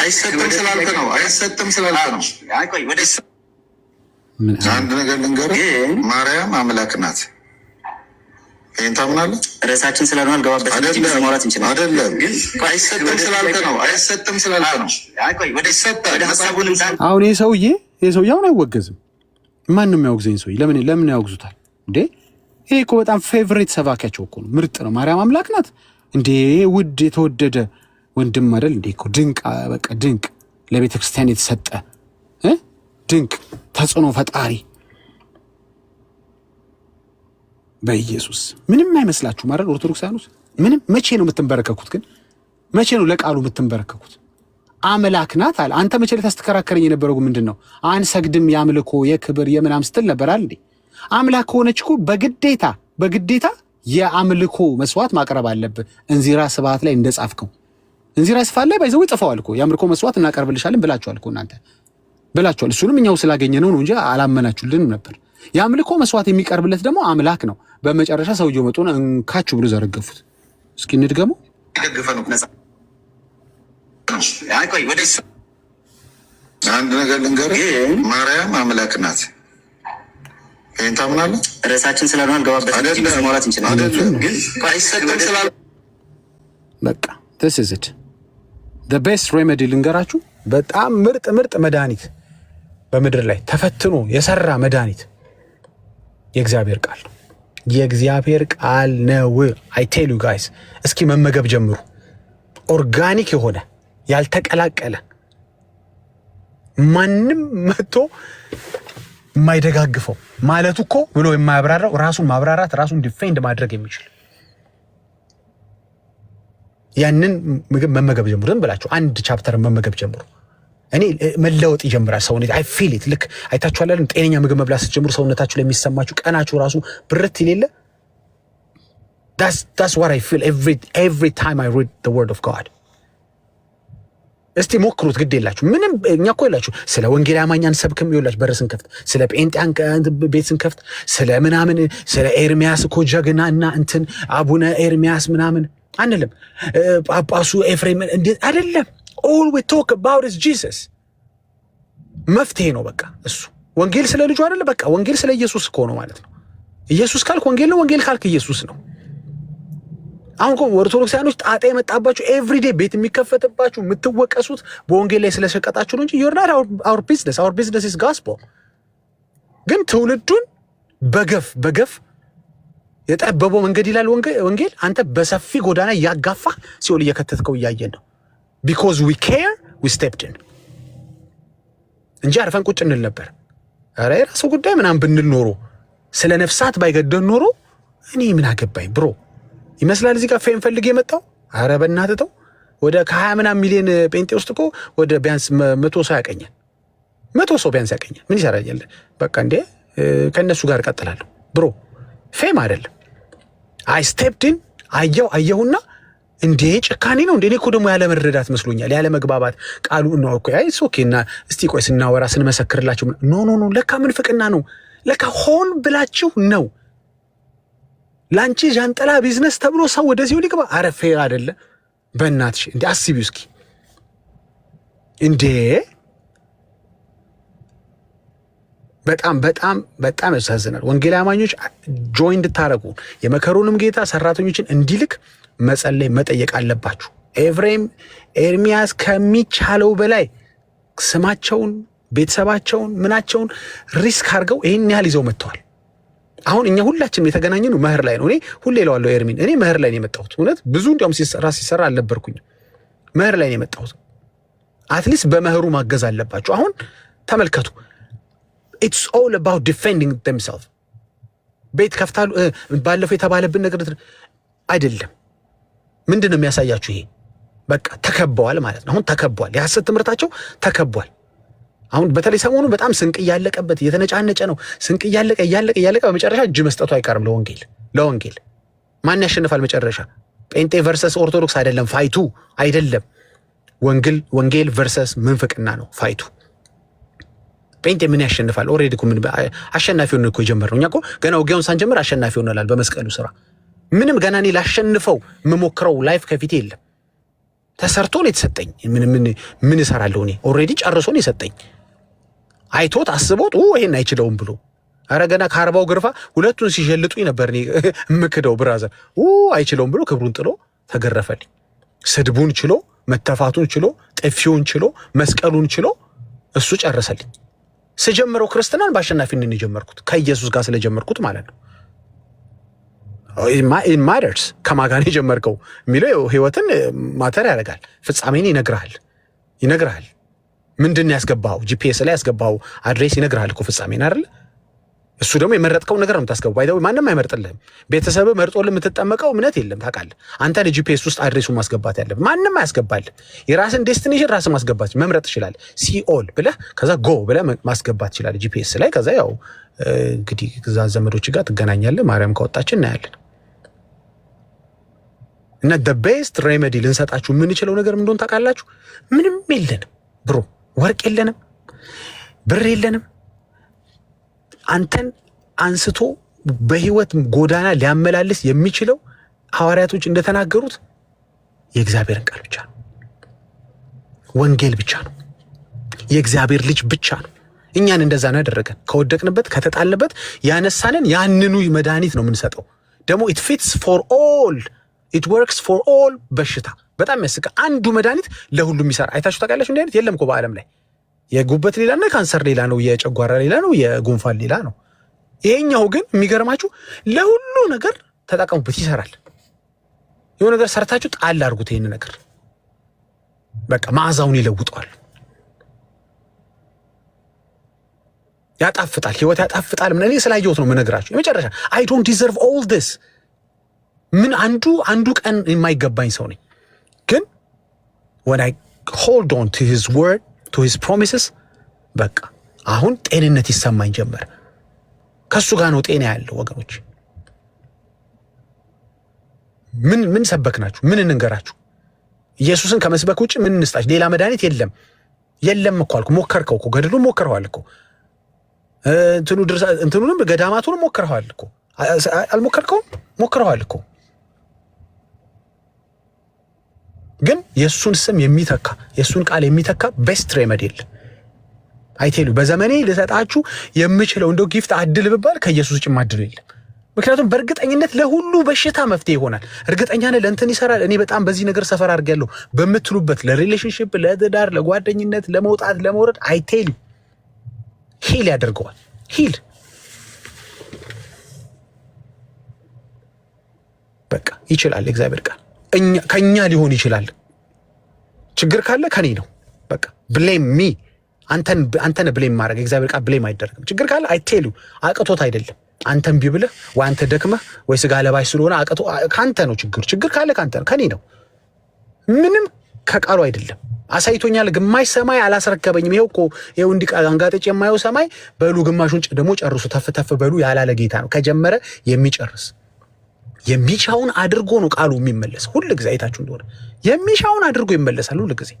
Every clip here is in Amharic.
አይሰጥም ስላልክ ነው። አይሰጥም ስላልክ ነው። አንድ ነገር ልንገርህ፣ ማርያም አምላክ ናት። ይህን ታምናለህ? ርዕሳችን ስላልሆነ ማውራት እንችላለን። አይሰጥም አሁን ይህ ሰውዬ ይህ ሰውዬ አሁን አይወገዝም። ማንም ያወግዘኝ ሰውዬ ለምን ለምን ያወግዙታል እንዴ? ይሄ እኮ በጣም ፌቨሬት ሰባኪያቸው እኮ ነው። ምርጥ ነው። ማርያም አምላክ ናት እንዴ! ውድ የተወደደ ወንድም አይደል እንዴ እኮ ድንቅ፣ በቃ ድንቅ፣ ለቤተ ክርስቲያን የተሰጠ ድንቅ ተጽዕኖ ፈጣሪ በኢየሱስ ምንም አይመስላችሁም አይደል? ኦርቶዶክሳውያኑስ ምንም መቼ ነው የምትንበረከኩት? ግን መቼ ነው ለቃሉ የምትንበረከኩት? አምላክ ናት አለ። አንተ መቼ ልታስተከራከረኝ የነበረው ምንድን ነው? አንሰግድም የአምልኮ የክብር የምናም ስትል ነበር አለ እንዴ? አምላክ ከሆነች እኮ በግዴታ በግዴታ የአምልኮ መስዋዕት ማቅረብ አለብህ። እንዚራ ስብሐት ላይ እንደጻፍከው እንዚራ ስፋት ላይ ባይዘው ጽፈዋል እኮ የአምልኮ መስዋዕት እናቀርብልሻለን ብላችኋል እኮ እናንተ ብላችኋል። እሱንም እኛው ስላገኘ ነው ነው እንጂ አላመናችሁልንም ነበር። የአምልኮ መስዋዕት የሚቀርብለት ደግሞ አምላክ ነው። በመጨረሻ ሰውየው መጡን እንካችሁ ብሎ ዘረገፉት። እስኪ እንድገሙ አንድ ነገር ልንገር፣ ማርያም አምላክ ናት። ይህን ታምናለህ? ርዕሳችን ስለሆነ ገባበት ማውራት እንችላለን። በቃ ተስዝድ ቤስት ሬሜዲ ልንገራችሁ፣ በጣም ምርጥ ምርጥ መድኃኒት በምድር ላይ ተፈትኖ የሰራ መድኃኒት የእግዚአብሔር ቃል የእግዚአብሔር ቃል ነው። አይ ቴል ዩ ጋይስ እስኪ መመገብ ጀምሩ። ኦርጋኒክ የሆነ ያልተቀላቀለ ማንም መጥቶ የማይደጋግፈው ማለቱ እኮ ብሎ የማያብራራው ራሱን ማብራራት ራሱን ዲፌንድ ማድረግ የሚችል ያንን ምግብ መመገብ ጀምሩ። ዝም ብላችሁ አንድ ቻፕተር መመገብ ጀምሩ። እኔ መለወጥ ይጀምራል ሰውነት። አይ ፊል ኢት ልክ አይታችኋል። ጤነኛ ምግብ መብላት ስትጀምሩ ሰውነታችሁ የሚሰማችሁ ቀናችሁ ራሱ ብርት ይሌለ ዳስ ዋት አይ ፊል ኤቭሪ ታይም አይ ሪድ ዘ ወርድ ኦፍ ጋድ። እስቲ ሞክሩት፣ ግድ የላችሁ ምንም። እኛ እኮ የላችሁ ስለ ወንጌል አማኛን ሰብክም ይላችሁ በር ስንከፍት፣ ስለ ጴንጤያን ቤት ስንከፍት፣ ስለ ምናምን ስለ ኤርሚያስ እኮ ጀግና እና እንትን አቡነ ኤርሚያስ ምናምን አንልም። ጳጳሱ ኤፍሬም እንዴት አይደለም። ኦል ዊ ቶክ አባውት ኢዝ ጂሰስ። መፍትሄ ነው በቃ እሱ ወንጌል ስለ ልጁ አይደለ በቃ ወንጌል ስለ ኢየሱስ እኮ ነው ማለት ነው። ኢየሱስ ካልክ ወንጌል ነው፣ ወንጌል ካልክ ኢየሱስ ነው። አሁን እኮ ኦርቶዶክሳኖች ጣጣ የመጣባችሁ ኤቭሪዴ ቤት የሚከፈትባችሁ የምትወቀሱት በወንጌል ላይ ስለሸቀጣችሁ ነው እንጂ ዮርናት አውር ቢዝነስ አውር ቢዝነስ ኢዝ ጋስፖል ግን ትውልዱን በገፍ በገፍ የጠበበው መንገድ ይላል ወንጌል። አንተ በሰፊ ጎዳና እያጋፋ ሲኦል እየከተትከው እያየን ነው። ቢኮዝ ዊ ኬር ዊ እንጂ አርፈን ቁጭ እንል ነበር። ኧረ የራሱ ጉዳይ ምናምን ብንል ኖሮ ስለ ነፍሳት ባይገደን ኖሮ እኔ ምን አገባኝ ብሮ ይመስላል። እዚህ ጋር ፌም ፈልግ የመጣው አረ በእናትህ ተው። ወደ ከሀያ ምናምን ሚሊዮን ጴንጤ ውስጥ እኮ ወደ ቢያንስ መቶ ሰው ያቀኛል። መቶ ሰው ቢያንስ ያቀኛል። ምን ይሰራኛል? በቃ እንዴ ከእነሱ ጋር እቀጥላለሁ ብሮ ፌም አይደለም። አይ ስቴፕድን አየው አየሁና እንዴ ጭካኔ ነው እንዴ? እኔ እኮ ደግሞ ያለመረዳት መስሎኛል፣ ያለመግባባት ቃሉ ነው እኮ አይ ኦኬ። እና እስቲ ቆይ ስናወራ ስንመሰክርላቸው፣ ኖ ኖ ኖ፣ ለካ ምንፍቅና ነው፣ ለካ ሆን ብላችሁ ነው ለአንቺ ዣንጠላ ቢዝነስ ተብሎ ሰው ወደዚሁ ሊግባ? አረ ፌር አይደለ? በእናትሽ እንዴ! አስቢው እስኪ እንዴ በጣም በጣም በጣም ያሳዝናል። ወንጌል አማኞች ጆይ እንድታረጉ የመከሩንም ጌታ ሰራተኞችን እንዲልክ መጸለይ መጠየቅ አለባችሁ። ኤፍሬም ኤርሚያስ ከሚቻለው በላይ ስማቸውን፣ ቤተሰባቸውን፣ ምናቸውን ሪስክ አድርገው ይህን ያህል ይዘው መጥተዋል። አሁን እኛ ሁላችንም የተገናኘ ነው መህር ላይ ነው። እኔ ሁሌ እለዋለሁ ኤርሚን፣ እኔ መህር ላይ ነው የመጣሁት። እውነት ብዙ እንዲያውም ሲሰራ ሲሰራ አልነበርኩኝ፣ መህር ላይ ነው የመጣሁት። አትሊስት በመህሩ ማገዝ አለባችሁ። አሁን ተመልከቱ ኢትስ ኦል አባውት ዲፌንዲንግ ደምሰልፍ ቤት ከፍታሉ። ባለፈው የተባለብን ነገር አይደለም። ምንድን ነው የሚያሳያችሁ? ይሄ በቃ ተከበዋል ማለት ነው። አሁን ተከቧል፣ የሐሰት ትምህርታቸው ተከቧል። አሁን በተለይ ሰሞኑ በጣም ስንቅ እያለቀበት እየተነጫነጨ ነው። ስንቅ እያለቀ እያለቀ እያለቀ በመጨረሻ እጅ መስጠቱ አይቀርም ለወንጌል ለወንጌል። ማን ያሸንፋል መጨረሻ? ጴንጤ ቨርሰስ ኦርቶዶክስ አይደለም ፋይቱ አይደለም። ወንጌል ወንጌል ቨርሰስ ምንፍቅና ነው ፋይቱ። ጴንጤ ምን ያሸንፋል? ኦልሬዲ እኮ ምን አሸናፊ እኮ የጀመርነው እኛ እኮ ገና ውጊያውን ሳንጀምር አሸናፊ ሆነላል። በመስቀሉ ስራ ምንም ገና እኔ ላሸንፈው የምሞክረው ላይፍ ከፊቴ የለም። ተሰርቶ ነው የተሰጠኝ። ምን እሰራለሁ እኔ? ኦልሬዲ ጨርሶ ነው የሰጠኝ። አይቶት አስቦት ይሄን አይችለውም ብሎ አረ ገና ከአርባው ግርፋ ሁለቱን ሲሸልጡኝ ነበር እኔ እምክደው ብራዘር አይችለውም ብሎ ክብሩን ጥሎ ተገረፈልኝ። ስድቡን ችሎ መተፋቱን ችሎ ጥፊውን ችሎ መስቀሉን ችሎ እሱ ጨረሰልኝ። ስጀምረው ክርስትናን በአሸናፊነት የጀመርኩት ከኢየሱስ ጋር ስለጀመርኩት ማለት ነው። ማደርስ ከማጋን የጀመርከው የሚለው ህይወትን ማተር ያደርጋል። ፍጻሜን ይነግርሃል ይነግርሃል። ምንድን ያስገባው ጂፒኤስ ላይ ያስገባው አድሬስ ይነግርሃል እኮ ፍጻሜን አይደለ እሱ ደግሞ የመረጥከው ነገር ነው የምታስገባው። ባይደው ማንም አይመርጥልህም። ቤተሰብ መርጦ የምትጠመቀው እምነት የለም። ታውቃለህ፣ አንተ ለጂፒኤስ ውስጥ አድሬሱ ማስገባት ያለብህ ማንም አያስገባልህ። የራስን ዴስቲኔሽን ራስ ማስገባት መምረጥ ትችላለህ። ሲኦል ብለህ ከዛ ጎ ብለህ ማስገባት ይችላል ጂፒኤስ ላይ። ከዛ ያው እንግዲህ ከዛ ዘመዶች ጋር ትገናኛለህ። ማርያም ከወጣች እናያለን። እና ደ ቤስት ሬሜዲ ልንሰጣችሁ የምንችለው ነገር እንደሆን ታውቃላችሁ። ምንም የለንም ብሮ፣ ወርቅ የለንም፣ ብር የለንም አንተን አንስቶ በህይወት ጎዳና ሊያመላልስ የሚችለው ሐዋርያቶች እንደተናገሩት የእግዚአብሔርን ቃል ብቻ ነው። ወንጌል ብቻ ነው። የእግዚአብሔር ልጅ ብቻ ነው። እኛን እንደዛ ነው ያደረገን። ከወደቅንበት ከተጣልንበት ያነሳንን ያንኑ መድኃኒት ነው የምንሰጠው። ደግሞ ኢት ፊትስ ፎር ኦል ኢት ወርክስ ፎር ኦል በሽታ በጣም ያስቀ አንዱ መድኃኒት ለሁሉም ይሰራ። አይታችሁ ታውቃላችሁ? እንዲህ አይነት የለም እኮ በዓለም ላይ የጉበት ሌላ እና ካንሰር ሌላ ነው፣ የጨጓራ ሌላ ነው፣ የጉንፋን ሌላ ነው። ይሄኛው ግን የሚገርማችሁ ለሁሉ ነገር ተጠቀሙበት፣ ይሰራል። የሆነ ነገር ሰርታችሁ ጣል አድርጉት። ይህን ነገር በቃ መዓዛውን ይለውጠዋል፣ ያጣፍጣል፣ ህይወት ያጣፍጣል። ምን እኔ ስላየሁት ነው የምነግራችሁ። የመጨረሻ አይ ዶንት ዲዘርቭ ኦል ዲስ ምን አንዱ አንዱ ቀን የማይገባኝ ሰው ነኝ፣ ግን ወን አይ ሆልድ ኦን ቱ ሂዝ ወርድ ቱ ሂዝ ፕሮሚስስ በቃ አሁን ጤንነት ይሰማኝ ጀመር። ከሱ ጋር ነው ጤና ያለው ወገኖች። ምን ምን ሰበክናችሁ? ምን እንንገራችሁ? ኢየሱስን ከመስበክ ውጭ ምን እንስጣችሁ? ሌላ መድኃኒት የለም። የለም እኮ አልኩ። ሞከርከው እኮ ገድሉን ሞከርኸዋል እኮ እንትኑ ድርሳ እንትኑንም ገዳማቱንም ሞከርኸዋል እኮ። አልሞከርከውም? ሞከርኸዋል እኮ ግን የእሱን ስም የሚተካ የእሱን ቃል የሚተካ ቤስት ሬመድ የለም። አይቴሉ በዘመኔ ልሰጣችሁ የምችለው እንደው ጊፍት አድል ብባል ከኢየሱስ ጭም አድል የለም። ምክንያቱም በእርግጠኝነት ለሁሉ በሽታ መፍትሄ ይሆናል። እርግጠኛ ነህ ለእንትን ይሰራል። እኔ በጣም በዚህ ነገር ሰፈር አድርጌያለሁ በምትሉበት ለሪሌሽንሽፕ፣ ለትዳር፣ ለጓደኝነት፣ ለመውጣት፣ ለመውረድ አይቴሉ ሂል ያደርገዋል። ሂል በቃ ይችላል እግዚአብሔር ቃል ከእኛ ሊሆን ይችላል። ችግር ካለ ከኔ ነው። በቃ ብሌም ሚ አንተን ብሌም ማድረግ እግዚአብሔር ቃል ብሌም አይደረግም። ችግር ካለ አይቴሉ አቅቶት አይደለም አንተን ቢብልህ ወይ አንተ ደክመህ ወይ ስጋ ለባሽ ስለሆነ አቅቶ ከአንተ ነው ችግር። ችግር ካለ ከአንተ ነው ከኔ ነው። ምንም ከቃሉ አይደለም። አሳይቶኛል። ግማሽ ሰማይ አላስረከበኝም። ይኸው እኮ ይኸው እንዲህ አንጋጠጭ የማየው ሰማይ በሉ፣ ግማሹን ደግሞ ጨርሱ፣ ተፍ ተፍ በሉ ያላለ ጌታ ነው። ከጀመረ የሚጨርስ የሚሻውን አድርጎ ነው ቃሉ የሚመለስ። ሁል ጊዜ አይታችሁ እንደሆነ የሚሻውን አድርጎ ይመለሳል። ሁል ጊዜ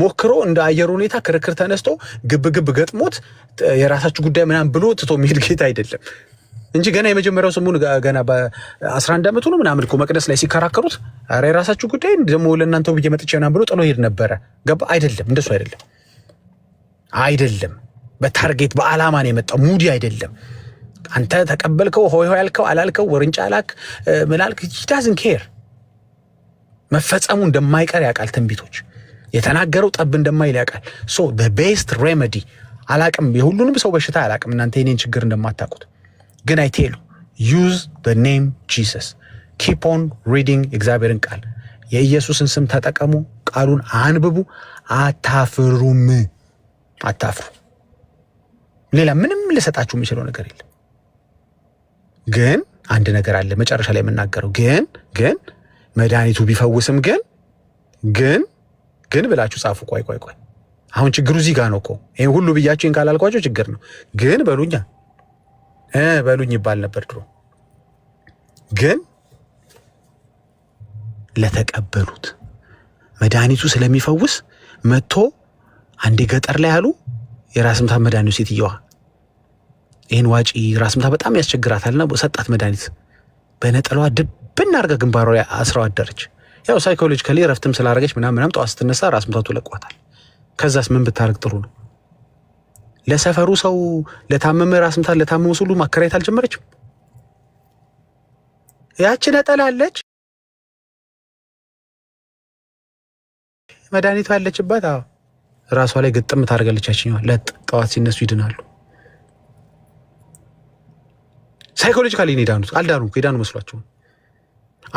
ሞክሮ እንደ አየር ሁኔታ ክርክር ተነስቶ ግብ ግብ ገጥሞት የራሳችሁ ጉዳይ ምናምን ብሎ ትቶ የሚሄድ ጌታ አይደለም እንጂ ገና የመጀመሪያው ስሙን ገና በ11 ዓመቱ ነው ምናምን እኮ መቅደስ ላይ ሲከራከሩት ኧረ የራሳችሁ ጉዳይ ደግሞ ለእናንተው ብዬ መጥቼ ምናምን ብሎ ጥሎ ሄድ ነበረ። ገባ አይደለም? እንደሱ አይደለም አይደለም። በታርጌት በዓላማ ነው የመጣው። ሙዲ አይደለም። አንተ ተቀበልከው ሆይ ሆይ ያልከው አላልከው ውርንጫ ላክ ምላልክ ዳዝን ኬር መፈጸሙ እንደማይቀር ያውቃል። ትንቢቶች የተናገረው ጠብ እንደማይል ያውቃል። ሶ ቤስት ሬመዲ አላቅም፣ የሁሉንም ሰው በሽታ አላቅም። እናንተ የኔን ችግር እንደማታውቁት ግን አይቴሉ ዩዝ ኔም ጂሰስ ኪፕ ኦን ሪዲንግ እግዚአብሔርን ቃል የኢየሱስን ስም ተጠቀሙ፣ ቃሉን አንብቡ፣ አታፍሩም። አታፍሩ። ሌላ ምንም ልሰጣችሁ የሚችለው ነገር የለም። ግን አንድ ነገር አለ መጨረሻ ላይ የምናገረው ግን ግን መድኃኒቱ ቢፈውስም ግን ግን ግን ብላችሁ ጻፉ። ቆይ ቆይ ቆይ አሁን ችግሩ እዚህ ጋር ነው እኮ ይህ ሁሉ ብያችሁን ካላልኳቸው ችግር ነው። ግን በሉኛ በሉኝ ይባል ነበር ድሮ። ግን ለተቀበሉት መድኃኒቱ ስለሚፈውስ መጥቶ አንዴ ገጠር ላይ አሉ የራስ ምታት መድኃኒቱ ሴትየዋ ይህን ዋጪ ራስምታ በጣም ያስቸግራታልና ሰጣት መድኃኒት። በነጠላዋ ድብን አድርጋ ግንባሯ ላይ አደረች። ያው ሳይኮሎጂካሊ ረፍትም ስላደረገች ምናም ምናም ጠዋት ስትነሳ ራስምታቱ ምታቱ ለቋታል። ከዛስ ምን ብታደርግ ጥሩ ነው? ለሰፈሩ ሰው ለታመመ ራስምታ ለታመመ ለታመሙ ሁሉ ማከራየት አልጀመረችም? ያቺ ነጠላ አለች መድኃኒቷ ያለችበት ራሷ ላይ ግጥም ታደርጋለች። ያችኛዋ ለጥ ጠዋት ሲነሱ ይድናሉ። ሳይኮሎጂካሊ ነው የዳኑት። አልዳኑም፣ የዳኑ መስሏቸውም።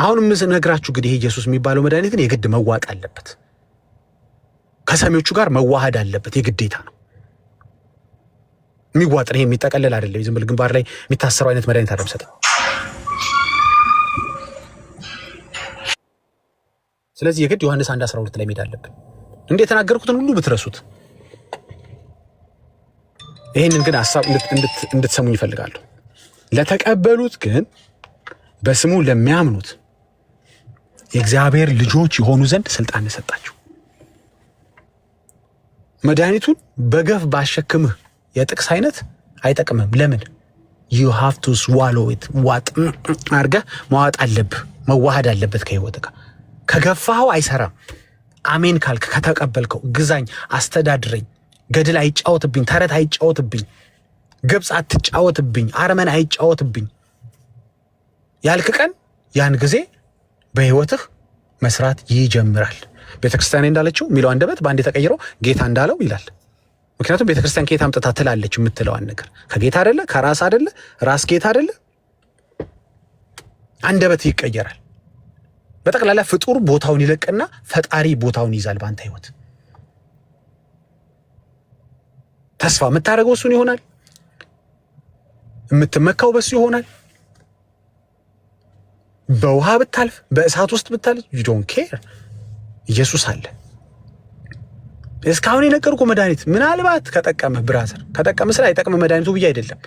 አሁን የምነግራችሁ እንግዲህ ይሄ ኢየሱስ የሚባለው መድኃኒት ግን የግድ መዋጥ አለበት፣ ከሰሚዎቹ ጋር መዋሃድ አለበት። የግዴታ ነው የሚዋጥ ነው። ይሄ የሚጠቀለል አይደለም። ዝም ብል ግንባር ላይ የሚታሰረው አይነት መድኃኒት አይደለም። ሰጠ ስለዚህ የግድ ዮሐንስ 1 ላይ መሄድ አለብን። እንደ የተናገርኩትን ሁሉ ብትረሱት ይህንን ግን ሀሳብ እንድትሰሙኝ ይፈልጋለሁ። ለተቀበሉት ግን በስሙ ለሚያምኑት የእግዚአብሔር ልጆች የሆኑ ዘንድ ስልጣን ሰጣቸው። መድኃኒቱን በገፍ ባሸክምህ የጥቅስ አይነት አይጠቅምም። ለምን? ዩ ሃቭ ቱ ስዋሎ ኢት ዋጥ አድርገህ መዋጥ አለብህ። መዋሃድ አለበት ከህይወት ጋር። ከገፋኸው አይሰራም። አሜን ካልክ ከተቀበልከው፣ ግዛኝ፣ አስተዳድረኝ፣ ገድል አይጫወትብኝ፣ ተረት አይጫወትብኝ ግብፅ አትጫወትብኝ፣ አርመን አይጫወትብኝ ያልክ ቀን ያን ጊዜ በህይወትህ መስራት ይጀምራል። ቤተክርስቲያን እንዳለችው የሚለው አንደበት በአንድ ተቀይሮ ጌታ እንዳለው ይላል። ምክንያቱም ቤተክርስቲያን ከየት አምጥታ ትላለች የምትለዋን ነገር ከጌታ አደለ፣ ከራስ አደለ፣ ራስ ጌታ አደለ። አንደበት ይቀየራል። በጠቅላላ ፍጡር ቦታውን ይለቅና ፈጣሪ ቦታውን ይዛል በአንተ ህይወት ተስፋ የምታደርገው እሱን ይሆናል። የምትመካው በሱ ይሆናል። በውሃ ብታልፍ፣ በእሳት ውስጥ ብታልፍ ዩ ዶንት ኬር ኢየሱስ አለ። እስካሁን የነገርኩ መድኃኒት ምናልባት ከጠቀመ ብራዘር ከጠቀመ ስለ አይጠቅም መድኃኒቱ ብዬ አይደለም።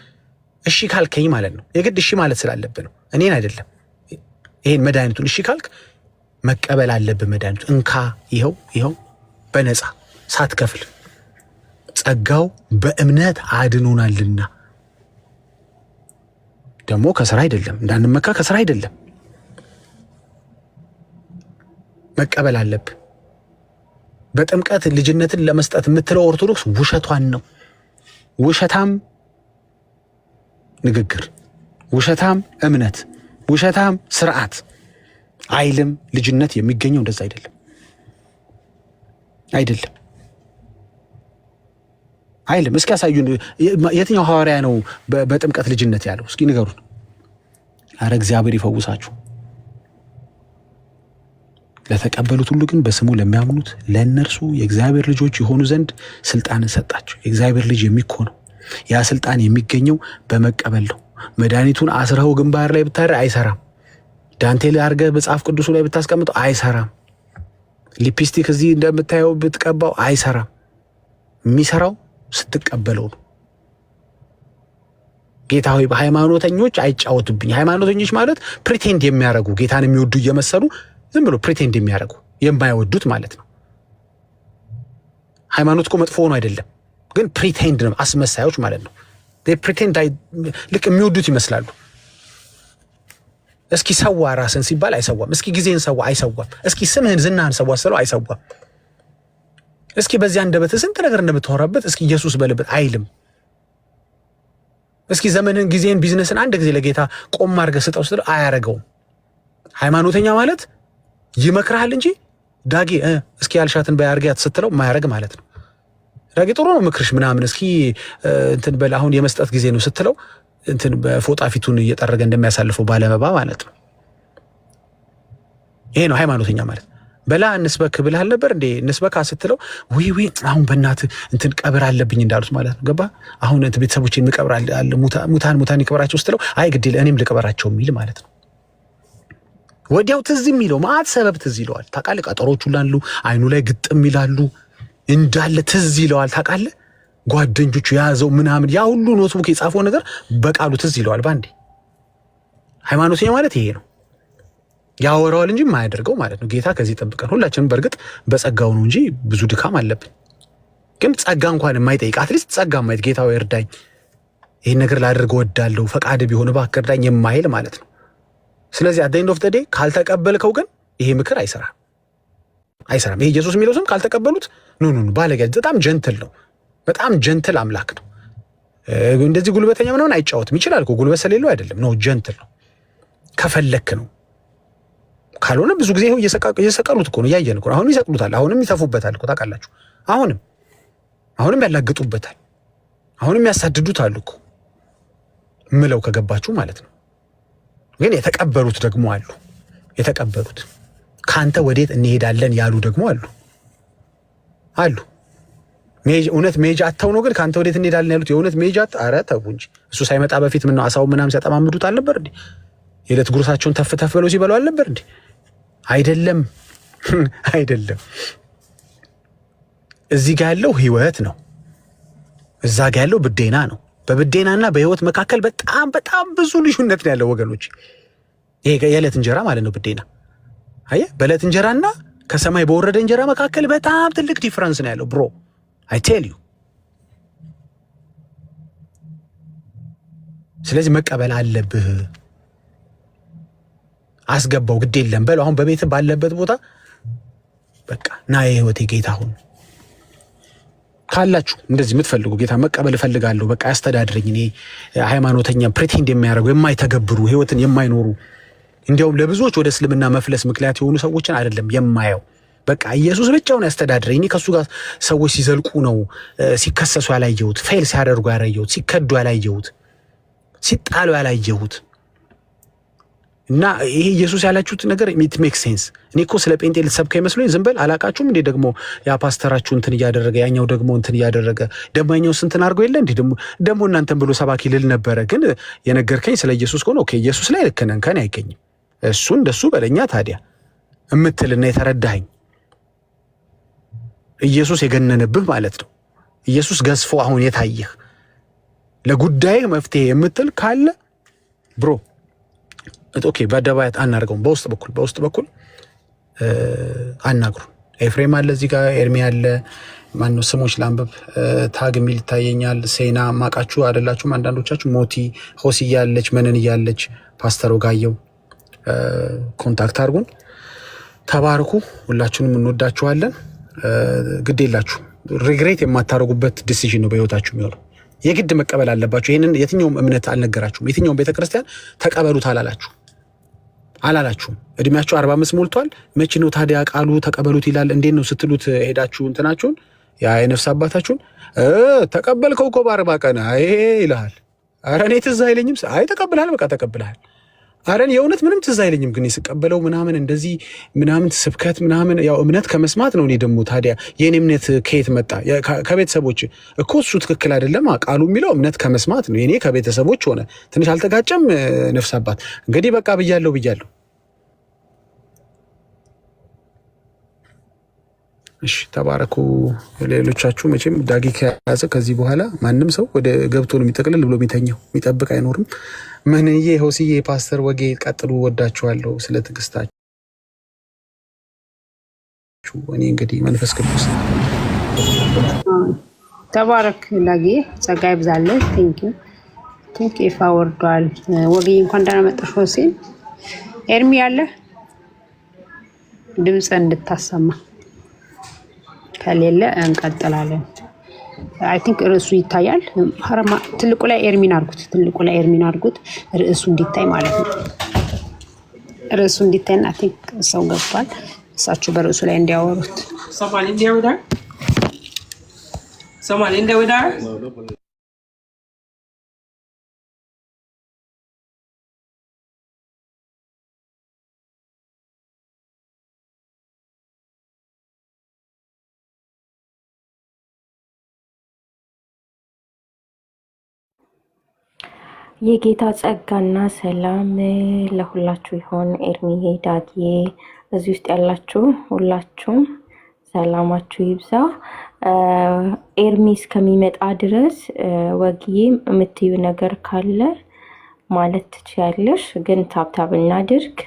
እሺ ካልከኝ ማለት ነው የግድ እሺ ማለት ስላለብህ ነው፣ እኔን አይደለም። ይሄን መድኃኒቱን እሺ ካልክ መቀበል አለብህ። መድኃኒቱ እንካ፣ ይኸው ይኸው፣ በነፃ ሳትከፍል ጸጋው በእምነት አድኖናልና ደግሞ ከስራ አይደለም እንዳንመካ ከስራ አይደለም መቀበል አለብ በጥምቀት ልጅነትን ለመስጠት የምትለው ኦርቶዶክስ ውሸቷን ነው። ውሸታም ንግግር፣ ውሸታም እምነት፣ ውሸታም ስርዓት አይልም። ልጅነት የሚገኘው እንደዛ አይደለም አይደለም። አይልም። እስኪ ያሳዩን። የትኛው ሐዋርያ ነው በጥምቀት ልጅነት ያለው? እስኪ ንገሩን። አረ እግዚአብሔር ይፈውሳችሁ። ለተቀበሉት ሁሉ ግን በስሙ ለሚያምኑት ለእነርሱ የእግዚአብሔር ልጆች የሆኑ ዘንድ ስልጣንን ሰጣቸው። የእግዚአብሔር ልጅ የሚኮነው ያ ስልጣን የሚገኘው በመቀበል ነው። መድኃኒቱን አስረኸው ግንባር ላይ ብታደርግ አይሰራም። ዳንቴል አድርገህ መጽሐፍ ቅዱሱ ላይ ብታስቀምጠው አይሰራም። ሊፕስቲክ እዚህ እንደምታየው ብትቀባው አይሰራም። የሚሰራው ስትቀበለው ነው። ጌታ ሆይ በሃይማኖተኞች አይጫወቱብኝ። ሃይማኖተኞች ማለት ፕሪቴንድ የሚያደርጉ ጌታን የሚወዱ እየመሰሉ ዝም ብሎ ፕሪቴንድ የሚያደርጉ የማይወዱት ማለት ነው። ሃይማኖት እኮ መጥፎ ሆኖ አይደለም፣ ግን ፕሪቴንድ ነው፣ አስመሳዮች ማለት ነው። ፕሪቴንድ ልክ የሚወዱት ይመስላሉ። እስኪ ሰዋ ራስን ሲባል አይሰዋም። እስኪ ጊዜን ሰዋ አይሰዋም። እስኪ ስምህን ዝናህን ሰዋ ስለው አይሰዋም። እስኪ በዚህ አንደበት ስንት ነገር እንደምታወራበት እስኪ ኢየሱስ በልበት አይልም። እስኪ ዘመንን፣ ጊዜን፣ ቢዝነስን አንድ ጊዜ ለጌታ ቆም አድርገህ ስጠው ስትለው አያረገውም። ሃይማኖተኛ ማለት ይመክርሃል እንጂ ዳጌ እስኪ ያልሻትን በያርጊያት ስትለው ማያረግ ማለት ነው። ዳጊ ጥሩ ነው ምክርሽ ምናምን እስኪ እንትን በል አሁን የመስጠት ጊዜ ነው ስትለው እንትን በፎጣ ፊቱን እየጠረገ እንደሚያሳልፈው ባለመባ ማለት ነው። ይሄ ነው ሃይማኖተኛ ማለት። በላ እንስበክ ብልህ አልነበር እንዴ? እንስበካ ስትለው ወይ ወይ አሁን በእናት እንትን ቀብር አለብኝ እንዳሉት ማለት ነው። ገባ አሁን እንትን ቤተሰቦች የሚቀብር አለ ሙታን ሙታን ይቀብራቸው ስትለው አይ ግድ እኔም ልቀበራቸው የሚል ማለት ነው። ወዲያው ትዝ የሚለው ማአት ሰበብ ትዝ ይለዋል ታውቃለህ። ቀጠሮቹ ላሉ አይኑ ላይ ግጥም ይላሉ እንዳለ ትዝ ይለዋል ታውቃለህ። ጓደኞቹ የያዘው ምናምን ያ ሁሉ ኖትቡክ የጻፈው ነገር በቃሉ ትዝ ይለዋል። ባንዴ ሃይማኖት ማለት ይሄ ነው። ያወራዋል እንጂ የማያደርገው ማለት ነው። ጌታ ከዚህ ጠብቀን። ሁላችንም በእርግጥ በጸጋው ነው እንጂ ብዙ ድካም አለብን። ግን ጸጋ እንኳን የማይጠይቅ አትሊስት ጸጋ ማየት ጌታ እርዳኝ፣ ይህን ነገር ላደርግ ወዳለሁ፣ ፈቃድ ቢሆን እባክህ እርዳኝ የማይል ማለት ነው። ስለዚህ አት ኤንድ ኦፍ ዘ ካልተቀበልከው ግን ይሄ ምክር አይሰራ አይሰራም። ይሄ ኢየሱስ የሚለው ስም ካልተቀበሉት ኑ ኑ ባለጋ በጣም ጀንትል ነው። በጣም ጀንትል አምላክ ነው። እንደዚህ ጉልበተኛ ምናምን አይጫወትም። ይችላል እኮ ጉልበት ስለሌለው አይደለም ነው፣ ጀንትል ነው። ከፈለክ ነው ካልሆነ ብዙ ጊዜ ይኸው እየሰቀሉት እኮ ነው፣ እያየን እኮ ነው። አሁንም ይሰቅሉታል፣ አሁንም ይተፉበታል እኮ ታውቃላችሁ። አሁንም አሁንም ያላግጡበታል፣ አሁንም ያሳድዱታል እኮ ምለው ከገባችሁ ማለት ነው። ግን የተቀበሉት ደግሞ አሉ። የተቀበሉት ከአንተ ወዴት እንሄዳለን ያሉ ደግሞ አሉ አሉ እውነት መሄጃ አታው ነው ግን ከአንተ ወዴት እንሄዳለን ያሉት የእውነት መሄጃ አረ ተው እንጂ እሱ ሳይመጣ በፊት ምነው አሳው ምናምን ሲያጠማምዱት አልነበር እንዴ? የዕለት ጉርሳቸውን ተፍ ተፍ ብለው ሲበሉ አልነበር እንዴ? አይደለም አይደለም። እዚህ ጋ ያለው ህይወት ነው፣ እዛ ጋ ያለው ብዴና ነው። በብዴናና በህይወት መካከል በጣም በጣም ብዙ ልዩነት ነው ያለው ወገኖች። ይሄ የዕለት እንጀራ ማለት ነው ብዴና። አየህ፣ በዕለት እንጀራና ከሰማይ በወረደ እንጀራ መካከል በጣም ትልቅ ዲፍረንስ ነው ያለው ብሮ አይ ቴል ዩ። ስለዚህ መቀበል አለብህ። አስገባው ግድ የለም በለው። አሁን በቤት ባለበት ቦታ በቃ ና የህይወቴ ጌታ አሁን ካላችሁ እንደዚህ የምትፈልጉ ጌታ መቀበል እፈልጋለሁ፣ በቃ ያስተዳድረኝ። እኔ ሃይማኖተኛ ፕሬቴንድ የሚያደርጉ የማይተገብሩ ህይወትን የማይኖሩ እንዲያውም ለብዙዎች ወደ እስልምና መፍለስ ምክንያት የሆኑ ሰዎችን አይደለም የማየው። በቃ ኢየሱስ ብቻውን ያስተዳድረኝ። እኔ ከእሱ ጋር ሰዎች ሲዘልቁ ነው ሲከሰሱ ያላየሁት፣ ፌል ሲያደርጉ ያላየሁት፣ ሲከዱ ያላየሁት፣ ሲጣሉ ያላየሁት እና ይሄ ኢየሱስ ያላችሁት ነገር ኢት ሜክ ሴንስ። እኔ እኮ ስለ ጴንጤ ልትሰብከ ይመስለኝ ዝም በል አላቃችሁም እንዴ? ደግሞ ያ ፓስተራችሁ እንትን እያደረገ ያኛው ደግሞ እንትን እያደረገ ደማኛው ስንትን አድርገው የለ እንዲ ደግሞ እናንተን ብሎ ሰባኪ ልል ነበረ፣ ግን የነገርከኝ ስለ ኢየሱስ ከሆነ ኦኬ፣ ኢየሱስ ላይ ልክ ነህ፣ አይገኝም። እሱ እንደሱ በለኛ ታዲያ እምትልና የተረዳኝ ኢየሱስ የገነንብህ ማለት ነው። ኢየሱስ ገዝፎ አሁን የታየህ ለጉዳይህ መፍትሄ የምትል ካለ ብሮ ኦኬ በአደባባይ አናርገውም። በውስጥ በኩል በውስጥ በኩል አናግሩ። ኤፍሬም አለ እዚህ ጋር ኤርሜ አለ ማነው ስሞች ለአንብብ ታግ የሚል ይታየኛል። ሴና ማቃችሁ አይደላችሁም አንዳንዶቻችሁ። ሞቲ ሆስ እያለች መነን እያለች ፓስተሮ ጋየው ኮንታክት አድርጉን። ተባርኩ። ሁላችሁንም እንወዳችኋለን። ግድ የላችሁ ሪግሬት የማታደርጉበት ዲሲዥን ነው በህይወታችሁ የሚሆነው። የግድ መቀበል አለባችሁ። ይህንን የትኛውም እምነት አልነገራችሁም። የትኛውም ቤተክርስቲያን ተቀበሉት አላላችሁ። አላላችሁም። እድሜያቸው አምስት ሞልቷል። መቼ ነው ታዲያ ቃሉ ተቀበሉት ይላል? እንዴት ነው ስትሉት ሄዳችሁ እንትናችሁን የነፍስ አባታችሁን ተቀበልከው እኮ በአርባ ቀን ይሄ ይልሃል። ኧረ እኔ ትዝ አይለኝም። አይ ተቀብልሃል፣ በቃ ተቀብልሃል። አረን የእውነት ምንም ትዝ አይለኝም፣ ግን የስቀበለው ምናምን እንደዚህ ምናምን ስብከት ምናምን ያው እምነት ከመስማት ነው። እኔ ደግሞ ታዲያ የእኔ እምነት ከየት መጣ? ከቤተሰቦች እኮ እሱ ትክክል አይደለም ቃሉ የሚለው እምነት ከመስማት ነው። የእኔ ከቤተሰቦች ሆነ። ትንሽ አልተጋጨም? ነፍስ አባት እንግዲህ በቃ ብያለሁ ብያለሁ። እሺ ተባረኩ። ሌሎቻችሁ መቼም ዳጊ ከያዘ ከዚህ በኋላ ማንም ሰው ወደ ገብቶ ነው የሚጠቅልል ብሎ የሚተኛው የሚጠብቅ አይኖርም። ምንዬ ሆስዬ ፓስተር ወጌ ቀጥሉ፣ ወዳችኋለሁ። ስለ ትዕግስታችሁ እኔ እንግዲህ መንፈስ ቅዱስ ተባረክ። ላጌ ጸጋ ይብዛለን። ቴንኪው ቲንክ ኤፋ ወርዷል። ወጌ እንኳን ደህና መጣሽ። ሆሴን ኤርሚ ያለ ድምፅ እንድታሰማ ከሌለ እንቀጥላለን። አይ ቲንክ ርዕሱ ይታያል። ትልቁ ላይ ኤርሚን አድርጉት፣ ትልቁ ላይ ኤርሚን አድርጉት፣ ርዕሱ እንዲታይ ማለት ነው። ርዕሱ እንዲታይ አይ ቲንክ ሰው ገብቷል። እሳችሁ በርዕሱ ላይ እንዲያወሩት የጌታ ጸጋና ሰላም ለሁላችሁ ይሆን። ኤርሚዬ ዳጌ እዚህ ውስጥ ያላችሁ ሁላችሁም ሰላማችሁ ይብዛ። ኤርሚ እስከሚመጣ ድረስ ወግዬ የምትዩ ነገር ካለ ማለት ትችያለሽ። ግን ታብታብ እናድርግ።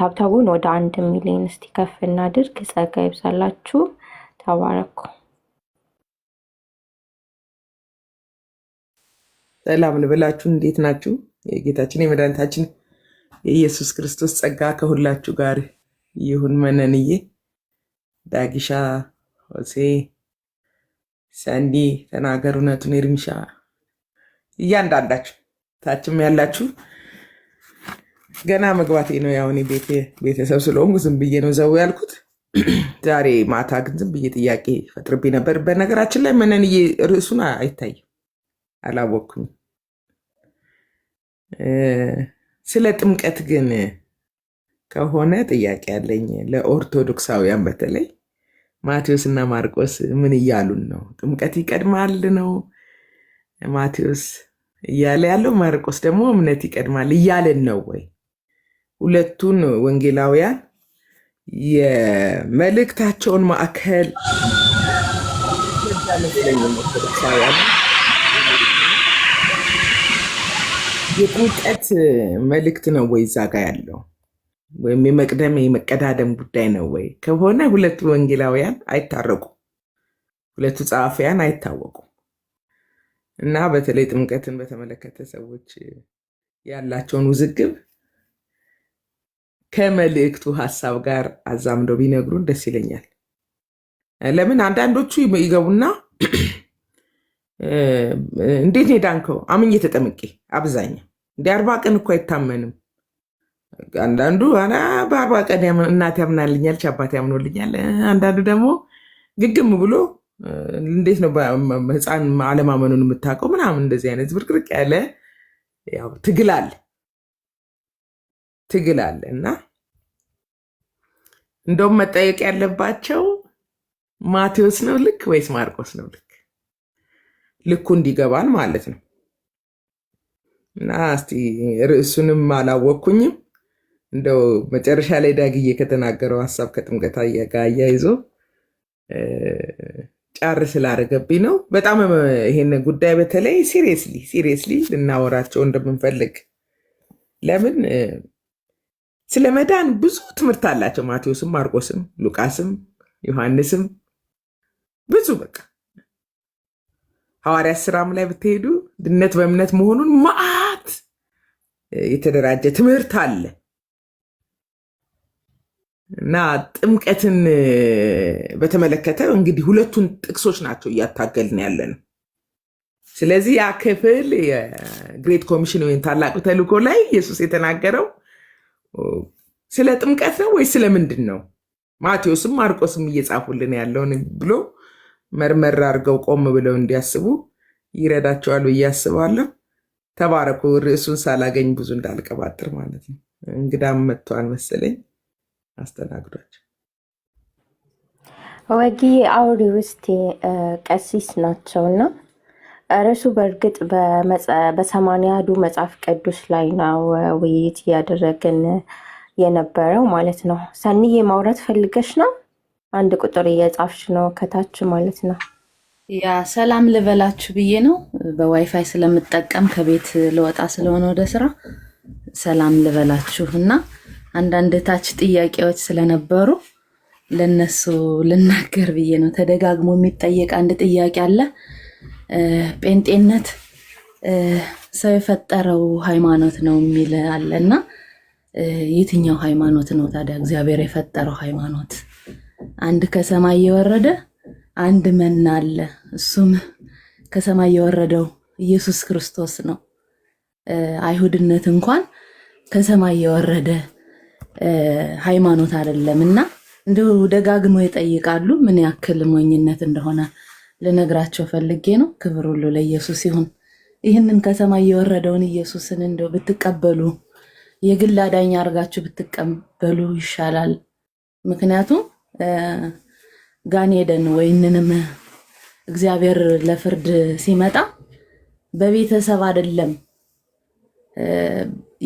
ታብታቡን ወደ አንድ ሚሊዮን እስቲ ከፍ እናድርግ። ጸጋ ይብዛላችሁ። ተባረኩ። ሰላም ልበላችሁ። እንዴት ናችሁ? የጌታችን የመድኃኒታችን የኢየሱስ ክርስቶስ ጸጋ ከሁላችሁ ጋር ይሁን። መነንዬ፣ ዳጊሻ፣ ሆሴ፣ ሰንዲ ተናገር እውነቱን፣ ኤርሚሻ፣ እያንዳንዳችሁ ታችም ያላችሁ ገና መግባቴ ነው። ያው እኔ ቤተሰብ ስለሆንኩ ዝም ብዬ ነው ዘው ያልኩት። ዛሬ ማታ ግን ዝም ብዬ ጥያቄ ፈጥርቤ ነበር። በነገራችን ላይ መነንዬ ርዕሱን አይታይም አላወቅኩኝ። ስለ ጥምቀት ግን ከሆነ ጥያቄ ያለኝ ለኦርቶዶክሳውያን በተለይ ማቴዎስ እና ማርቆስ ምን እያሉን ነው? ጥምቀት ይቀድማል ነው ማቴዎስ እያለ ያለው? ማርቆስ ደግሞ እምነት ይቀድማል እያለን ነው ወይ? ሁለቱን ወንጌላውያን የመልእክታቸውን ማዕከል የቁጠት መልእክት ነው ወይ እዛ ጋ ያለው ወይም የመቅደም የመቀዳደም ጉዳይ ነው ወይ? ከሆነ ሁለቱ ወንጌላውያን አይታረቁም፣ ሁለቱ ጸሐፊያን አይታወቁም። እና በተለይ ጥምቀትን በተመለከተ ሰዎች ያላቸውን ውዝግብ ከመልእክቱ ሀሳብ ጋር አዛምደው ቢነግሩን ደስ ይለኛል። ለምን አንዳንዶቹ ይገቡና እንዴት ነው የዳንከው? አምኜ ተጠምቄ። አብዛኛው እንደ አርባ ቀን እኮ አይታመንም። አንዳንዱ በአርባ ቀን እናት ያምናልኛል፣ አባቴ ያምኖልኛል። አንዳንዱ ደግሞ ግግም ብሎ እንዴት ነው ህፃን አለማመኑን የምታውቀው ምናምን እንደዚህ አይነት ዝብርቅርቅ ያለ ትግል አለ ትግል አለ እና እንደውም መጠየቅ ያለባቸው ማቴዎስ ነው ልክ ወይስ ማርቆስ ነው ልክ? ልኩ እንዲገባን ማለት ነው። እና እስቲ ርዕሱንም አላወቅኩኝም እንደው መጨረሻ ላይ ዳግዬ ከተናገረው ሀሳብ ከጥምቀት ጋር አያይዞ ጫር ስላደረገብኝ ነው። በጣም ይሄን ጉዳይ በተለይ ሲሪየስሊ ሲሪየስሊ ልናወራቸው እንደምንፈልግ ለምን ስለ መዳን ብዙ ትምህርት አላቸው ማቴዎስም፣ ማርቆስም፣ ሉቃስም፣ ዮሐንስም ብዙ በቃ ሐዋርያ ስራም ላይ ብትሄዱ ድነት በእምነት መሆኑን ማአት የተደራጀ ትምህርት አለ እና ጥምቀትን በተመለከተ እንግዲህ ሁለቱን ጥቅሶች ናቸው እያታገልን ያለ ነው። ስለዚህ ያ ክፍል የግሬት ኮሚሽን ወይም ታላቁ ተልእኮ ላይ ኢየሱስ የተናገረው ስለ ጥምቀት ነው ወይስ ስለምንድን ነው? ማቴዎስም ማርቆስም እየጻፉልን ያለውን ብሎ መርመር አድርገው ቆም ብለው እንዲያስቡ ይረዳቸዋል ብዬ አስባለሁ። ተባረኩ። ርዕሱን ሳላገኝ ብዙ እንዳልቀባጥር ማለት ነው። እንግዳም መጥቷል መሰለኝ አስተናግዷቸው። ወጊ አውሪ ውስቴ ቀሲስ ናቸው እና ርዕሱ በእርግጥ በሰማንያ መጽሐፍ ቅዱስ ላይ ነው ውይይት እያደረግን የነበረው ማለት ነው። ሰኒዬ ማውራት ፈልገሽ ነው? አንድ ቁጥር እየጻፍሽ ነው ከታች ማለት ነው። ያ ሰላም ልበላችሁ ብዬ ነው። በዋይፋይ ስለምጠቀም ከቤት ልወጣ ስለሆነ ወደ ስራ ሰላም ልበላችሁ እና አንዳንድ ታች ጥያቄዎች ስለነበሩ ለነሱ ልናገር ብዬ ነው። ተደጋግሞ የሚጠየቅ አንድ ጥያቄ አለ። ጴንጤነት ሰው የፈጠረው ሃይማኖት ነው የሚል አለ እና የትኛው ሃይማኖት ነው ታዲያ እግዚአብሔር የፈጠረው ሃይማኖት አንድ ከሰማይ የወረደ አንድ መና አለ። እሱም ከሰማይ የወረደው ኢየሱስ ክርስቶስ ነው። አይሁድነት እንኳን ከሰማይ የወረደ ሃይማኖት አይደለም እና እንዲሁ ደጋግሞ ይጠይቃሉ። ምን ያክል ሞኝነት እንደሆነ ልነግራቸው ፈልጌ ነው። ክብር ሁሉ ለኢየሱስ ይሁን። ይህንን ከሰማይ የወረደውን ኢየሱስን እንደው ብትቀበሉ የግል አዳኝ አድርጋችሁ ብትቀበሉ ይሻላል። ምክንያቱም ጋኔደን ወይንንም እግዚአብሔር ለፍርድ ሲመጣ በቤተሰብ አይደለም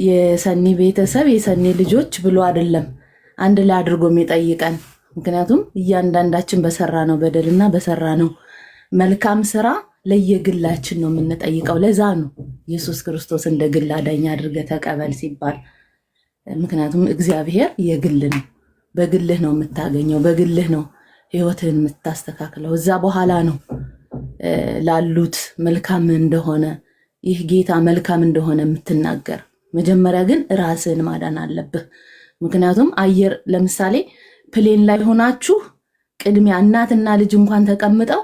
የሰኒ ቤተሰብ የሰኒ ልጆች ብሎ አይደለም አንድ ላይ አድርጎ የሚጠይቀን። ምክንያቱም እያንዳንዳችን በሰራ ነው በደልና በሰራ ነው መልካም ስራ ለየግላችን ነው የምንጠይቀው። ለዛ ነው ኢየሱስ ክርስቶስ እንደ ግል አዳኝ አድርገ ተቀበል ሲባል፣ ምክንያቱም እግዚአብሔር የግል ነው። በግልህ ነው የምታገኘው፣ በግልህ ነው ህይወትህን የምታስተካክለው። እዛ በኋላ ነው ላሉት መልካም እንደሆነ ይህ ጌታ መልካም እንደሆነ የምትናገር። መጀመሪያ ግን ራስህን ማዳን አለብህ። ምክንያቱም አየር ለምሳሌ ፕሌን ላይ ሆናችሁ ቅድሚያ እናትና ልጅ እንኳን ተቀምጠው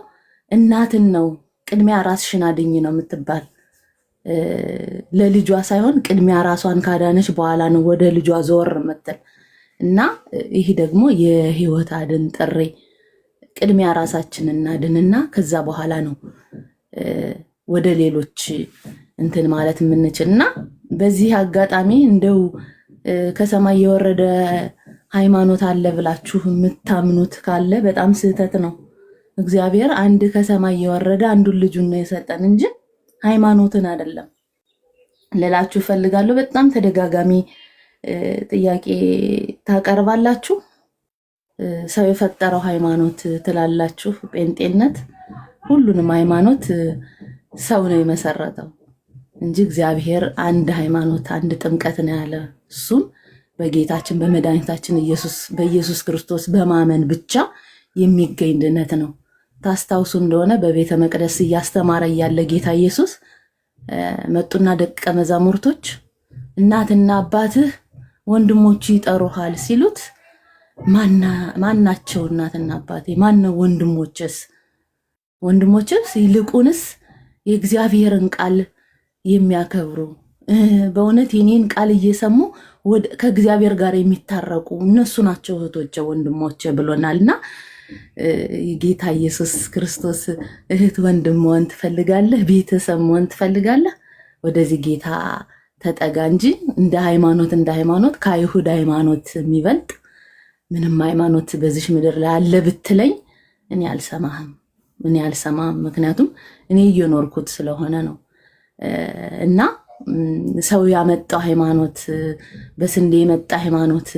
እናትን ነው ቅድሚያ ራስሽን አድኝ ነው የምትባል ለልጇ ሳይሆን ቅድሚያ ራሷን ካዳነች በኋላ ነው ወደ ልጇ ዞር የምትል። እና ይህ ደግሞ የህይወት አድን ጥሪ ቅድሚያ ራሳችን እናድንና ከዛ በኋላ ነው ወደ ሌሎች እንትን ማለት የምንችል እና በዚህ አጋጣሚ እንደው ከሰማይ የወረደ ሃይማኖት አለ ብላችሁ የምታምኑት ካለ በጣም ስህተት ነው። እግዚአብሔር አንድ ከሰማይ የወረደ አንዱን ልጁን ነው የሰጠን እንጂ ሃይማኖትን አይደለም ልላችሁ እፈልጋለሁ። በጣም ተደጋጋሚ ጥያቄ ታቀርባላችሁ። ሰው የፈጠረው ሃይማኖት ትላላችሁ። ጴንጤነት ሁሉንም ሃይማኖት ሰው ነው የመሰረተው እንጂ እግዚአብሔር አንድ ሃይማኖት፣ አንድ ጥምቀት ነው ያለ። እሱም በጌታችን በመድኃኒታችን በኢየሱስ ክርስቶስ በማመን ብቻ የሚገኝ ድነት ነው። ታስታውሱ እንደሆነ በቤተ መቅደስ እያስተማረ እያለ ጌታ ኢየሱስ መጡና ደቀ መዛሙርቶች እናትና አባትህ ወንድሞቹ ይጠሩሃል ሲሉት ማናቸው? እናትና አባቴ ማነው? ወንድሞችስ ወንድሞችስ ይልቁንስ የእግዚአብሔርን ቃል የሚያከብሩ በእውነት የኔን ቃል እየሰሙ ከእግዚአብሔር ጋር የሚታረቁ እነሱ ናቸው እህቶች ወንድሞች ብሎናል እና ጌታ ኢየሱስ ክርስቶስ እህት ወንድም መሆን ትፈልጋለህ? ቤተሰብ መሆን ትፈልጋለህ? ወደዚህ ጌታ ተጠጋ እንጂ እንደ ሃይማኖት እንደ ሃይማኖት ከአይሁድ ሃይማኖት የሚበልጥ ምንም ሃይማኖት በዚሽ ምድር ላይ አለ ብትለኝ እኔ አልሰማህም፣ እኔ አልሰማህም። ምክንያቱም እኔ እየኖርኩት ስለሆነ ነው እና ሰው ያመጣው ሃይማኖት በስንዴ የመጣ ሃይማኖት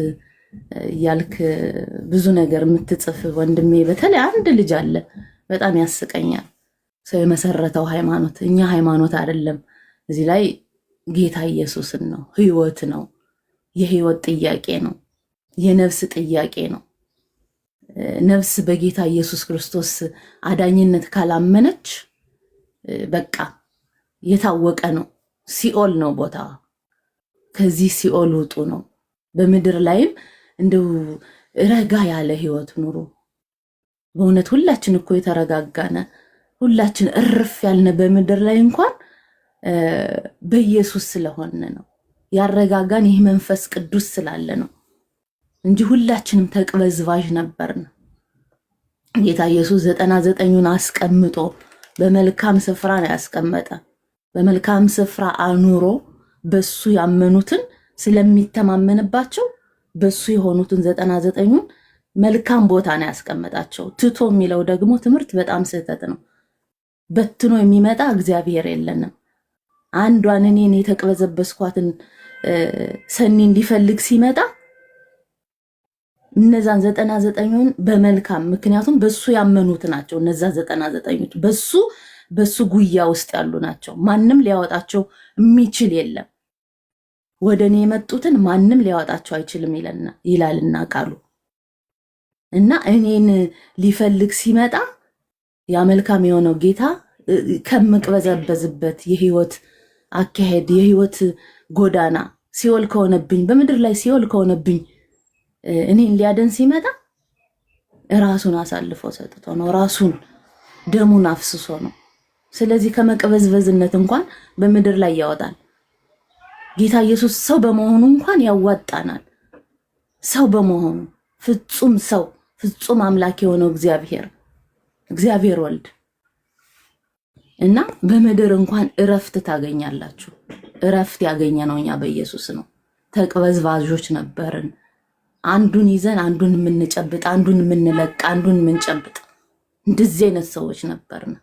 እያልክ ብዙ ነገር የምትጽፍ ወንድሜ፣ በተለይ አንድ ልጅ አለ በጣም ያስቀኛል። ሰው የመሰረተው ሃይማኖት እኛ ሃይማኖት አይደለም እዚህ ላይ ጌታ ኢየሱስን ነው። ህይወት ነው። የህይወት ጥያቄ ነው። የነፍስ ጥያቄ ነው። ነፍስ በጌታ ኢየሱስ ክርስቶስ አዳኝነት ካላመነች በቃ የታወቀ ነው። ሲኦል ነው ቦታ። ከዚህ ሲኦል ውጡ ነው። በምድር ላይም እንደው ረጋ ያለ ህይወት ኑሩ። በእውነት ሁላችን እኮ የተረጋጋነ ሁላችን እርፍ ያልነ በምድር ላይ እንኳን በኢየሱስ ስለሆነ ነው ያረጋጋን። ይህ መንፈስ ቅዱስ ስላለ ነው እንጂ ሁላችንም ተቅበዝባዥ ነበርን። ጌታ ኢየሱስ ዘጠና ዘጠኙን አስቀምጦ በመልካም ስፍራ ነው ያስቀመጠ። በመልካም ስፍራ አኑሮ በሱ ያመኑትን ስለሚተማመንባቸው በሱ የሆኑትን ዘጠና ዘጠኙን መልካም ቦታ ነው ያስቀመጣቸው። ትቶ የሚለው ደግሞ ትምህርት በጣም ስህተት ነው። በትኖ የሚመጣ እግዚአብሔር የለንም። አንዷን እኔን የተቅበዘበስኳትን ሰኒ እንዲፈልግ ሲመጣ እነዛን ዘጠና ዘጠኙን በመልካም ምክንያቱም በሱ ያመኑት ናቸው። እነዛ ዘጠና ዘጠኞች በሱ በሱ ጉያ ውስጥ ያሉ ናቸው። ማንም ሊያወጣቸው የሚችል የለም። ወደ እኔ የመጡትን ማንም ሊያወጣቸው አይችልም ይላልና ቃሉ እና እኔን ሊፈልግ ሲመጣ ያ መልካም የሆነው ጌታ ከምቅበዘበዝበት የህይወት አካሄድ የህይወት ጎዳና ሲኦል ከሆነብኝ በምድር ላይ ሲኦል ከሆነብኝ እኔን ሊያደን ሲመጣ ራሱን አሳልፎ ሰጥቶ ነው። ራሱን ደሙን አፍስሶ ነው። ስለዚህ ከመቅበዝበዝነት እንኳን በምድር ላይ ያወጣል። ጌታ ኢየሱስ ሰው በመሆኑ እንኳን ያዋጣናል። ሰው በመሆኑ ፍጹም ሰው ፍጹም አምላክ የሆነው እግዚአብሔር እግዚአብሔር ወልድ እና በምድር እንኳን እረፍት ታገኛላችሁ። እረፍት ያገኘ ነው እኛ በኢየሱስ ነው። ተቅበዝባዦች ነበርን። አንዱን ይዘን አንዱን የምንጨብጥ፣ አንዱን የምንለቅ፣ አንዱን የምንጨብጥ እንደዚህ አይነት ሰዎች ነበርን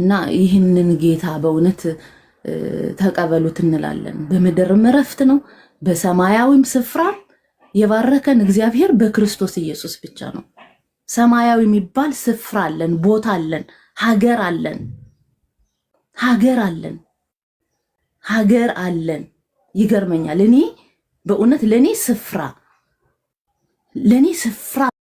እና ይህንን ጌታ በእውነት ተቀበሉት እንላለን። በምድርም እረፍት ነው፣ በሰማያዊም ስፍራ የባረከን እግዚአብሔር በክርስቶስ ኢየሱስ ብቻ ነው። ሰማያዊ የሚባል ስፍራ አለን፣ ቦታ አለን። ሀገር አለን ሀገር አለን ሀገር አለን። ይገርመኛል። እኔ በእውነት ለእኔ ስፍራ ለእኔ ስፍራ